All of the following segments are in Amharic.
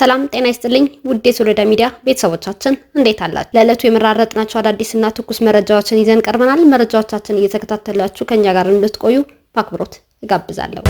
ሰላም ጤና ይስጥልኝ ውዴ የሶሎዳ ሚዲያ ቤተሰቦቻችን እንዴት አላችሁ? ለዕለቱ የመራረጥናቸው አዳዲስና ትኩስ መረጃዎችን ይዘን ቀርበናል። መረጃዎቻችን እየተከታተላችሁ ከኛ ጋር እንድትቆዩ በአክብሮት እጋብዛለሁ።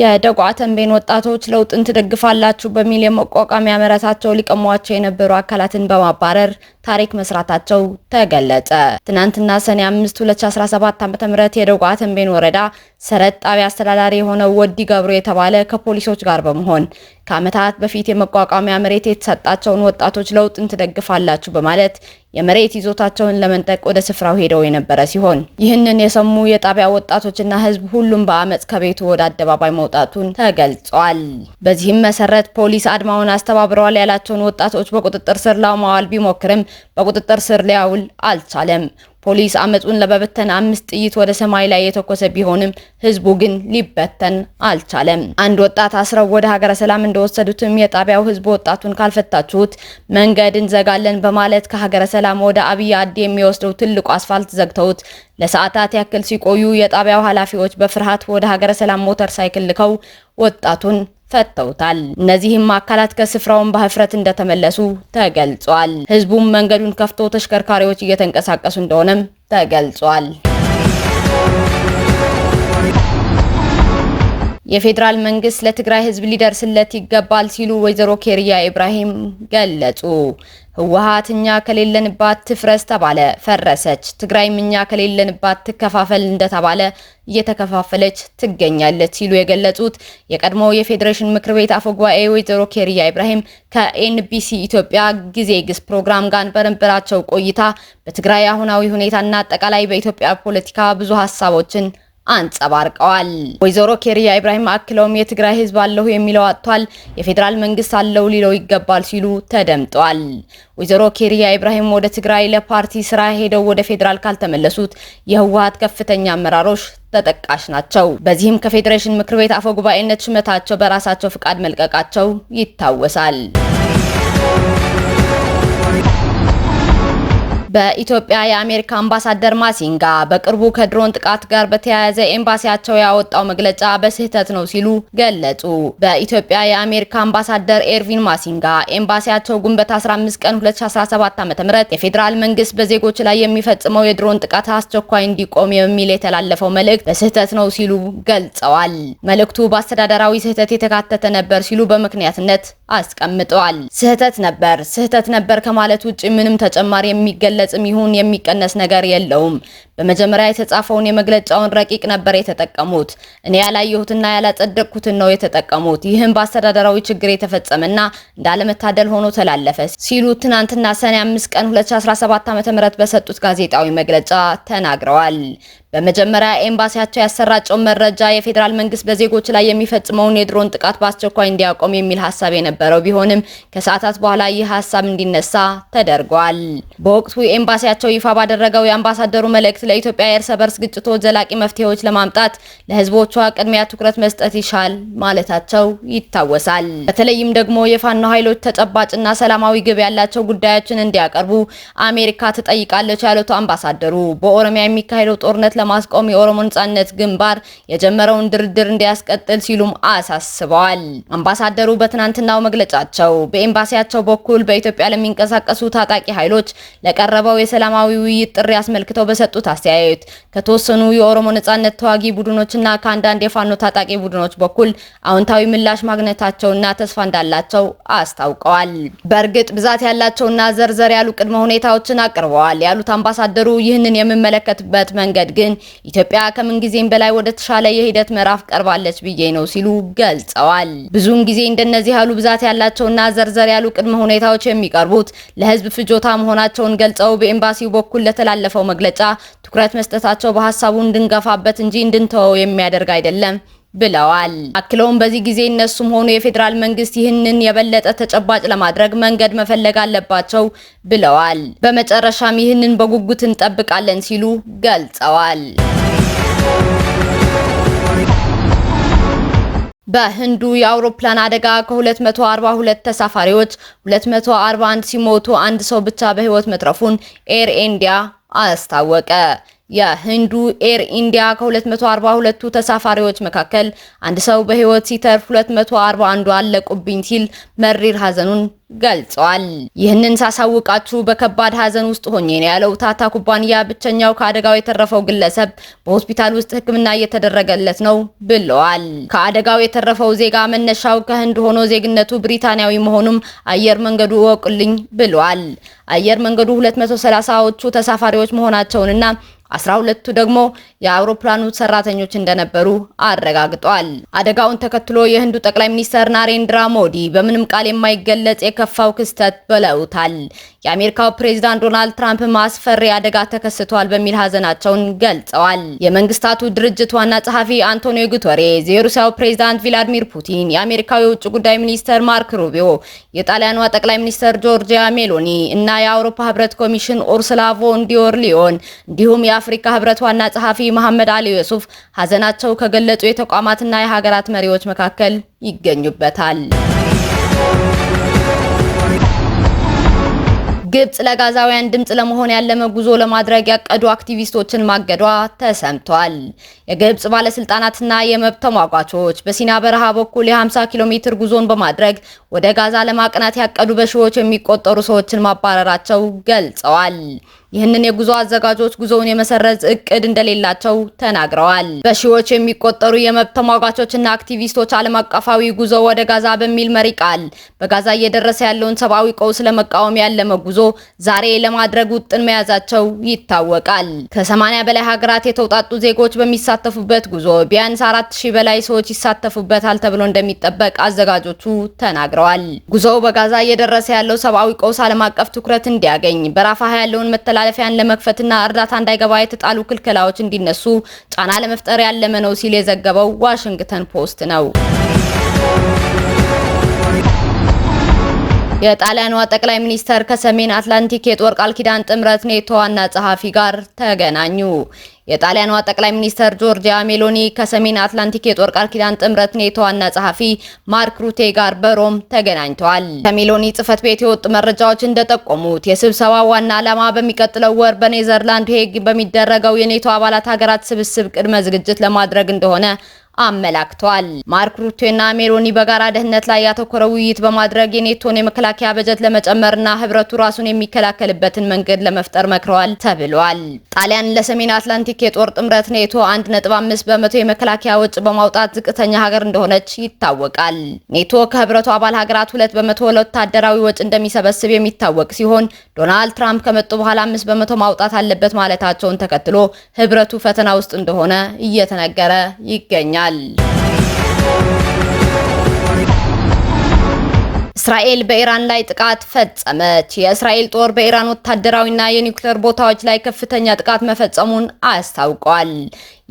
የደጓ ተምቤን ወጣቶች ለውጥን ትደግፋላችሁ በሚል የመቋቋሚያ መረታቸው ሊቀሟቸው የነበሩ አካላትን በማባረር ታሪክ መስራታቸው ተገለጸ። ትናንትና ሰኔ 5 2017 ዓ.ም የደጓ ተምቤን ወረዳ ሰረት ጣቢያ አስተዳዳሪ የሆነው ወዲ ገብሩ የተባለ ከፖሊሶች ጋር በመሆን ከዓመታት በፊት የመቋቋሚያ መሬት የተሰጣቸውን ወጣቶች ለውጥን ትደግፋላችሁ በማለት የመሬት ይዞታቸውን ለመንጠቅ ወደ ስፍራው ሄደው የነበረ ሲሆን ይህንን የሰሙ የጣቢያ ወጣቶችና ህዝብ ሁሉም በአመፅ ከቤቱ ወደ አደባባይ መውጣቱን ተገልጿል። በዚህም መሰረት ፖሊስ አድማውን አስተባብረዋል ያላቸውን ወጣቶች በቁጥጥር ስር ለማዋል ቢሞክርም በቁጥጥር ስር ሊያውል አልቻለም። ፖሊስ አመፁን ለመበተን አምስት ጥይት ወደ ሰማይ ላይ የተኮሰ ቢሆንም ህዝቡ ግን ሊበተን አልቻለም። አንድ ወጣት አስረው ወደ ሀገረ ሰላም እንደወሰዱትም የጣቢያው ህዝብ ወጣቱን ካልፈታችሁት መንገድ እንዘጋለን በማለት ከሀገረ ሰላም ወደ አብይ አዲ የሚወስደው ትልቁ አስፋልት ዘግተውት ለሰዓታት ያክል ሲቆዩ የጣቢያው ኃላፊዎች በፍርሃት ወደ ሀገረ ሰላም ሞተር ሳይክል ልከው ወጣቱን ፈተውታል። እነዚህም አካላት ከስፍራውን በህፍረት እንደተመለሱ ተገልጿል። ህዝቡም መንገዱን ከፍቶ ተሽከርካሪዎች እየተንቀሳቀሱ እንደሆነም ተገልጿል። የፌዴራል መንግስት ለትግራይ ህዝብ ሊደርስለት ይገባል ሲሉ ወይዘሮ ኬሪያ ኢብራሂም ገለጹ። ህወሓት እኛ ከሌለንባት ትፍረስ ተባለ፣ ፈረሰች። ትግራይም እኛ ከሌለንባት ትከፋፈል እንደተባለ እየተከፋፈለች ትገኛለች ሲሉ የገለጹት የቀድሞ የፌዴሬሽን ምክር ቤት ጉባኤ ወይዘሮ ኬሪያ ኢብራሂም ከኤንቢሲ ኢትዮጵያ ጊዜ ግስ ፕሮግራም ጋር በነበራቸው ቆይታ በትግራይ አሁናዊ ሁኔታና አጠቃላይ በኢትዮጵያ ፖለቲካ ብዙ ሀሳቦችን አንጸባርቀዋል። ወይዘሮ ኬሪያ ኢብራሂም አክለውም የትግራይ ህዝብ አለሁ የሚለው አጥቷል፣ የፌዴራል መንግስት አለው ሊለው ይገባል ሲሉ ተደምጠዋል። ወይዘሮ ኬሪያ ኢብራሂም ወደ ትግራይ ለፓርቲ ስራ ሄደው ወደ ፌዴራል ካልተመለሱት የህወሀት ከፍተኛ አመራሮች ተጠቃሽ ናቸው። በዚህም ከፌዴሬሽን ምክር ቤት አፈ ጉባኤነት ሹመታቸው በራሳቸው ፍቃድ መልቀቃቸው ይታወሳል። በኢትዮጵያ የአሜሪካ አምባሳደር ማሲንጋ በቅርቡ ከድሮን ጥቃት ጋር በተያያዘ ኤምባሲያቸው ያወጣው መግለጫ በስህተት ነው ሲሉ ገለጹ። በኢትዮጵያ የአሜሪካ አምባሳደር ኤርቪን ማሲንጋ ኤምባሲያቸው ግንቦት 15 ቀን 2017 ዓ.ም የፌዴራል መንግስት በዜጎች ላይ የሚፈጽመው የድሮን ጥቃት አስቸኳይ እንዲቆም የሚል የተላለፈው መልእክት በስህተት ነው ሲሉ ገልጸዋል። መልእክቱ በአስተዳደራዊ ስህተት የተካተተ ነበር ሲሉ በምክንያትነት አስቀምጠዋል። ስህተት ነበር ስህተት ነበር ከማለት ውጭ ምንም ተጨማሪ የሚገለጽ የሚበለጽም ይሁን የሚቀነስ ነገር የለውም። በመጀመሪያ የተጻፈውን የመግለጫውን ረቂቅ ነበር የተጠቀሙት። እኔ ያላየሁትና ያላጸደቅኩትን ነው የተጠቀሙት። ይህም በአስተዳደራዊ ችግር የተፈጸመና እንዳለመታደል ሆኖ ተላለፈ ሲሉ ትናንትና ሰኔ 5 ቀን 2017 ዓ.ም በሰጡት ጋዜጣዊ መግለጫ ተናግረዋል። በመጀመሪያ ኤምባሲያቸው ያሰራጨውን መረጃ የፌዴራል መንግስት በዜጎች ላይ የሚፈጽመውን የድሮን ጥቃት በአስቸኳይ እንዲያቆም የሚል ሀሳብ የነበረው ቢሆንም ከሰዓታት በኋላ ይህ ሀሳብ እንዲነሳ ተደርጓል። በወቅቱ ኤምባሲያቸው ይፋ ባደረገው የአምባሳደሩ መልእክት ለኢትዮጵያ የእርስ በርስ ግጭቶች ዘላቂ መፍትሄዎች ለማምጣት ለህዝቦቿ ቅድሚያ ትኩረት መስጠት ይሻል ማለታቸው ይታወሳል። በተለይም ደግሞ የፋኖ ኃይሎች ተጨባጭና ሰላማዊ ግብ ያላቸው ጉዳዮችን እንዲያቀርቡ አሜሪካ ትጠይቃለች ያሉት አምባሳደሩ በኦሮሚያ የሚካሄደው ጦርነት ለማስቆም የኦሮሞ ነጻነት ግንባር የጀመረውን ድርድር እንዲያስቀጥል ሲሉም አሳስበዋል። አምባሳደሩ በትናንትናው መግለጫቸው በኤምባሲያቸው በኩል በኢትዮጵያ ለሚንቀሳቀሱ ታጣቂ ኃይሎች ለቀረበው የሰላማዊ ውይይት ጥሪ አስመልክተው በሰጡት አስተያየት ከተወሰኑ የኦሮሞ ነጻነት ተዋጊ ቡድኖችና ከአንዳንድ የፋኖ ታጣቂ ቡድኖች በኩል አዎንታዊ ምላሽ ማግኘታቸውና ተስፋ እንዳላቸው አስታውቀዋል። በእርግጥ ብዛት ያላቸውና ዘርዘር ያሉ ቅድመ ሁኔታዎችን አቅርበዋል ያሉት አምባሳደሩ ይህንን የምመለከትበት መንገድ ግን ኢትዮጵያ ከምንጊዜም በላይ ወደ ተሻለ የሂደት ምዕራፍ ቀርባለች ብዬ ነው ሲሉ ገልጸዋል። ብዙውን ጊዜ እንደነዚህ ያሉ ብዛት ያላቸውና ዘርዘር ያሉ ቅድመ ሁኔታዎች የሚቀርቡት ለህዝብ ፍጆታ መሆናቸውን ገልጸው በኤምባሲው በኩል ለተላለፈው መግለጫ ትኩረት መስጠታቸው በሀሳቡ እንድንገፋበት እንጂ እንድንተወው የሚያደርግ አይደለም ብለዋል። አክለውም በዚህ ጊዜ እነሱም ሆኑ የፌዴራል መንግስት ይህንን የበለጠ ተጨባጭ ለማድረግ መንገድ መፈለግ አለባቸው ብለዋል። በመጨረሻም ይህንን በጉጉት እንጠብቃለን ሲሉ ገልጸዋል። በህንዱ የአውሮፕላን አደጋ ከ242 ተሳፋሪዎች 241 ሲሞቱ አንድ ሰው ብቻ በህይወት መትረፉን ኤር ኢንዲያ አስታወቀ። የህንዱ ኤር ኢንዲያ ከ242ቱ ተሳፋሪዎች መካከል አንድ ሰው በህይወት ሲተርፍ 241 አለቁብኝ ሲል መሪር ሀዘኑን ገልጸዋል። ይህንን ሳሳውቃችሁ በከባድ ሀዘን ውስጥ ሆኜ ነው ያለው ታታ ኩባንያ ብቸኛው ከአደጋው የተረፈው ግለሰብ በሆስፒታል ውስጥ ሕክምና እየተደረገለት ነው ብለዋል። ከአደጋው የተረፈው ዜጋ መነሻው ከህንድ ሆኖ ዜግነቱ ብሪታንያዊ መሆኑም አየር መንገዱ እወቁልኝ ብለዋል። አየር መንገዱ 230ዎቹ ተሳፋሪዎች መሆናቸውንና አስራ ሁለቱ ደግሞ የአውሮፕላኑ ሰራተኞች እንደነበሩ አረጋግጧል። አደጋውን ተከትሎ የህንዱ ጠቅላይ ሚኒስትር ናሬንድራ ሞዲ በምንም ቃል የማይገለጽ የከፋው ክስተት ብለውታል። የአሜሪካው ፕሬዚዳንት ዶናልድ ትራምፕ ማስፈሪ አደጋ ተከስቷል በሚል ሀዘናቸውን ገልጸዋል። የመንግስታቱ ድርጅት ዋና ጸሐፊ አንቶኒዮ ጉተሬዝ፣ የሩሲያው ፕሬዚዳንት ቪላዲሚር ፑቲን፣ የአሜሪካው የውጭ ጉዳይ ሚኒስትር ማርክ ሩቢዮ፣ የጣሊያኗ ጠቅላይ ሚኒስትር ጆርጂያ ሜሎኒ እና የአውሮፓ ህብረት ኮሚሽን ኡርሱላ ቮን ዲር ሊዮን እንዲሁም የአፍሪካ ህብረት ዋና ጸሐፊ መሐመድ አሊ ዩሱፍ ሀዘናቸው ከገለጹ የተቋማትና የሀገራት መሪዎች መካከል ይገኙበታል። ግብጽ ለጋዛውያን ድምጽ ለመሆን ያለመ ጉዞ ለማድረግ ያቀዱ አክቲቪስቶችን ማገዷ ተሰምቷል። የግብጽ ባለስልጣናትና የመብት ተሟጓቾች በሲና በረሃ በኩል የ50 ኪሎ ሜትር ጉዞን በማድረግ ወደ ጋዛ ለማቅናት ያቀዱ በሺዎች የሚቆጠሩ ሰዎችን ማባረራቸው ገልጸዋል። ይህንን የጉዞ አዘጋጆች ጉዞውን የመሰረዝ እቅድ እንደሌላቸው ተናግረዋል። በሺዎች የሚቆጠሩ የመብት ተሟጋቾችና አክቲቪስቶች ዓለም አቀፋዊ ጉዞ ወደ ጋዛ በሚል መሪ ቃል በጋዛ እየደረሰ ያለውን ሰብአዊ ቀውስ ለመቃወም ያለመ ጉዞ ዛሬ ለማድረግ ውጥን መያዛቸው ይታወቃል። ከሰማኒያ በላይ ሀገራት የተውጣጡ ዜጎች በሚሳተፉበት ጉዞ ቢያንስ አራት ሺህ በላይ ሰዎች ይሳተፉበታል ተብሎ እንደሚጠበቅ አዘጋጆቹ ተናግረዋል። ጉዞው በጋዛ እየደረሰ ያለው ሰብአዊ ቀውስ ዓለም አቀፍ ትኩረት እንዲያገኝ በራፋ ያለውን መተላ መተላለፊያን ለመክፈትና እርዳታ እንዳይገባ የተጣሉ ክልከላዎች እንዲነሱ ጫና ለመፍጠር ያለመ ነው ሲል የዘገበው ዋሽንግተን ፖስት ነው። የጣሊያኗ ጠቅላይ ሚኒስተር ከሰሜን አትላንቲክ የጦር ቃል ኪዳን ጥምረት ኔቶ ዋና ጸሐፊ ጋር ተገናኙ። የጣሊያኗ ጠቅላይ ሚኒስተር ጆርጂያ ሜሎኒ ከሰሜን አትላንቲክ የጦር ቃል ኪዳን ጥምረት ኔቶ ዋና ጸሐፊ ማርክ ሩቴ ጋር በሮም ተገናኝተዋል። ከሜሎኒ ጽሕፈት ቤት የወጡ መረጃዎች እንደጠቆሙት የስብሰባው ዋና ዓላማ በሚቀጥለው ወር በኔዘርላንድ ሄግ በሚደረገው የኔቶ አባላት ሀገራት ስብስብ ቅድመ ዝግጅት ለማድረግ እንደሆነ አመላክቷል። ማርክ ሩቴና ሜሎኒ በጋራ ደህንነት ላይ ያተኮረ ውይይት በማድረግ የኔቶን የመከላከያ በጀት ለመጨመርና ህብረቱ ራሱን የሚከላከልበትን መንገድ ለመፍጠር መክረዋል ተብሏል። ጣሊያን ለሰሜን አትላንቲክ የጦር ጥምረት ኔቶ 1.5 በመቶ የመከላከያ ወጪ በማውጣት ዝቅተኛ ሀገር እንደሆነች ይታወቃል። ኔቶ ከህብረቱ አባል ሀገራት ሁለት በመቶ ለወታደራዊ ወጪ እንደሚሰበስብ የሚታወቅ ሲሆን ዶናልድ ትራምፕ ከመጡ በኋላ አምስት በመቶ ማውጣት አለበት ማለታቸውን ተከትሎ ህብረቱ ፈተና ውስጥ እንደሆነ እየተነገረ ይገኛል። ይሆናል። እስራኤል በኢራን ላይ ጥቃት ፈጸመች። የእስራኤል ጦር በኢራን ወታደራዊና የኒውክሌር ቦታዎች ላይ ከፍተኛ ጥቃት መፈጸሙን አስታውቋል።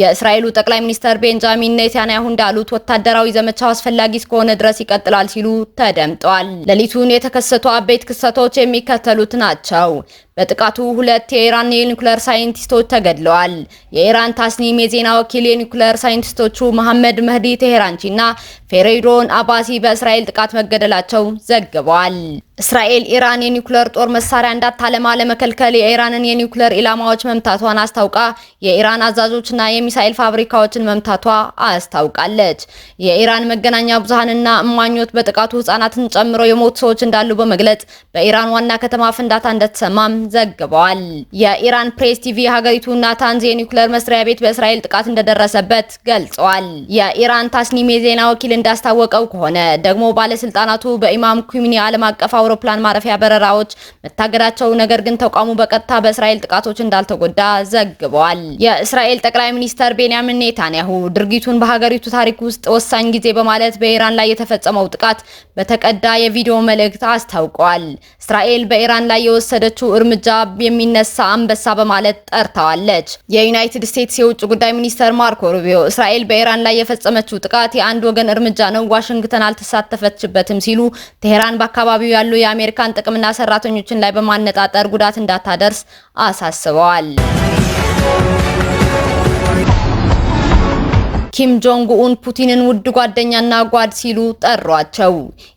የእስራኤሉ ጠቅላይ ሚኒስትር ቤንጃሚን ኔታንያሁ እንዳሉት ወታደራዊ ዘመቻው አስፈላጊ እስከሆነ ድረስ ይቀጥላል ሲሉ ተደምጠዋል። ሌሊቱን የተከሰቱ አበይት ክስተቶች የሚከተሉት ናቸው። በጥቃቱ ሁለት የኢራን የኒኩሌር ሳይንቲስቶች ተገድለዋል። የኢራን ታስኒም የዜና ወኪል የኒኩሌር ሳይንቲስቶቹ መሐመድ መህዲ ቴሄራንቺ እና ፌሬዶን አባሲ በእስራኤል ጥቃት መገደላቸው ዘግበዋል። እስራኤል ኢራን የኒኩሌር ጦር መሳሪያ እንዳታለማ ለመከልከል የኢራንን የኒኩሌር ኢላማዎች መምታቷን አስታውቃ የኢራን አዛዦችና የሚሳኤል ፋብሪካዎችን መምታቷ አስታውቃለች። የኢራን መገናኛ ብዙሃንና እማኞች በጥቃቱ ህጻናትን ጨምሮ የሞቱ ሰዎች እንዳሉ በመግለጽ በኢራን ዋና ከተማ ፍንዳታ እንደተሰማም ዘግበዋል። የኢራን ፕሬስ ቲቪ የሀገሪቱ ናታንዝ የኒውክሌር መስሪያ ቤት በእስራኤል ጥቃት እንደደረሰበት ገልጸዋል። የኢራን ታስኒም የዜና ወኪል እንዳስታወቀው ከሆነ ደግሞ ባለስልጣናቱ በኢማም ኩሚኒ ዓለም አቀፍ አውሮፕላን ማረፊያ በረራዎች መታገዳቸው፣ ነገር ግን ተቋሙ በቀጥታ በእስራኤል ጥቃቶች እንዳልተጎዳ ዘግበዋል። የእስራኤል ጠቅላይ ሚኒስ ሚኒስተር ቤንያሚን ኔታንያሁ ድርጊቱን በሀገሪቱ ታሪክ ውስጥ ወሳኝ ጊዜ በማለት በኢራን ላይ የተፈጸመው ጥቃት በተቀዳ የቪዲዮ መልእክት አስታውቀዋል። እስራኤል በኢራን ላይ የወሰደችው እርምጃ የሚነሳ አንበሳ በማለት ጠርታዋለች። የዩናይትድ ስቴትስ የውጭ ጉዳይ ሚኒስተር ማርኮ ሩቢዮ እስራኤል በኢራን ላይ የፈጸመችው ጥቃት የአንድ ወገን እርምጃ ነው፣ ዋሽንግተን አልተሳተፈችበትም ሲሉ ቴሄራን በአካባቢው ያሉ የአሜሪካን ጥቅምና ሰራተኞችን ላይ በማነጣጠር ጉዳት እንዳታደርስ አሳስበዋል። ኪም ጆንግ ኡን ፑቲንን ውድ ጓደኛና ጓድ ሲሉ ጠሯቸው።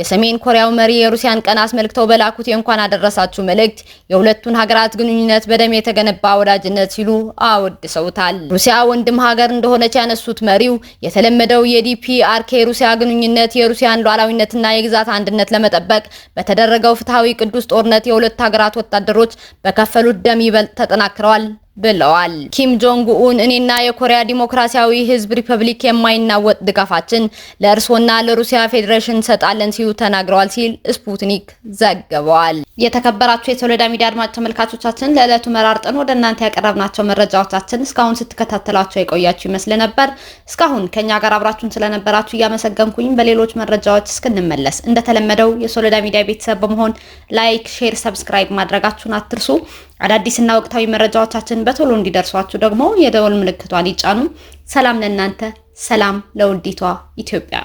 የሰሜን ኮሪያው መሪ የሩሲያን ቀን አስመልክተው በላኩት የእንኳን አደረሳችሁ መልእክት የሁለቱን ሀገራት ግንኙነት በደም የተገነባ ወዳጅነት ሲሉ አወድሰውታል። ሩሲያ ወንድም ሀገር እንደሆነች ያነሱት መሪው የተለመደው የዲፒአርኬ ሩሲያ ግንኙነት የሩሲያን ሉዓላዊነትና የግዛት አንድነት ለመጠበቅ በተደረገው ፍትሐዊ ቅዱስ ጦርነት የሁለት ሀገራት ወታደሮች በከፈሉት ደም ይበልጥ ተጠናክረዋል ብለዋል። ኪም ጆንግ ኡን እኔና የኮሪያ ዲሞክራሲያዊ ህዝብ ሪፐብሊክ የማይናወጥ ድጋፋችን ለእርስዎና ለሩሲያ ፌዴሬሽን እንሰጣለን ሲሉ ተናግረዋል ሲል ስፑትኒክ ዘግበዋል። የተከበራችሁ የሶሎዳ ሚዲያ አድማጭ ተመልካቾቻችን ለዕለቱ መራርጠን ወደ እናንተ ያቀረብናቸው መረጃዎቻችን እስካሁን ስትከታተላቸው የቆያችሁ ይመስል ነበር። እስካሁን ከኛ ጋር አብራችሁን ስለነበራችሁ እያመሰገንኩኝ በሌሎች መረጃዎች እስክንመለስ እንደተለመደው የሶሎዳ ሚዲያ ቤተሰብ በመሆን ላይክ፣ ሼር፣ ሰብስክራይብ ማድረጋችሁን አትርሱ። አዳዲስና ወቅታዊ መረጃዎቻችን በቶሎ እንዲደርሷችሁ ደግሞ የደወል ምልክቷን ይጫኑ። ሰላም ለእናንተ፣ ሰላም ለውዲቷ ኢትዮጵያ።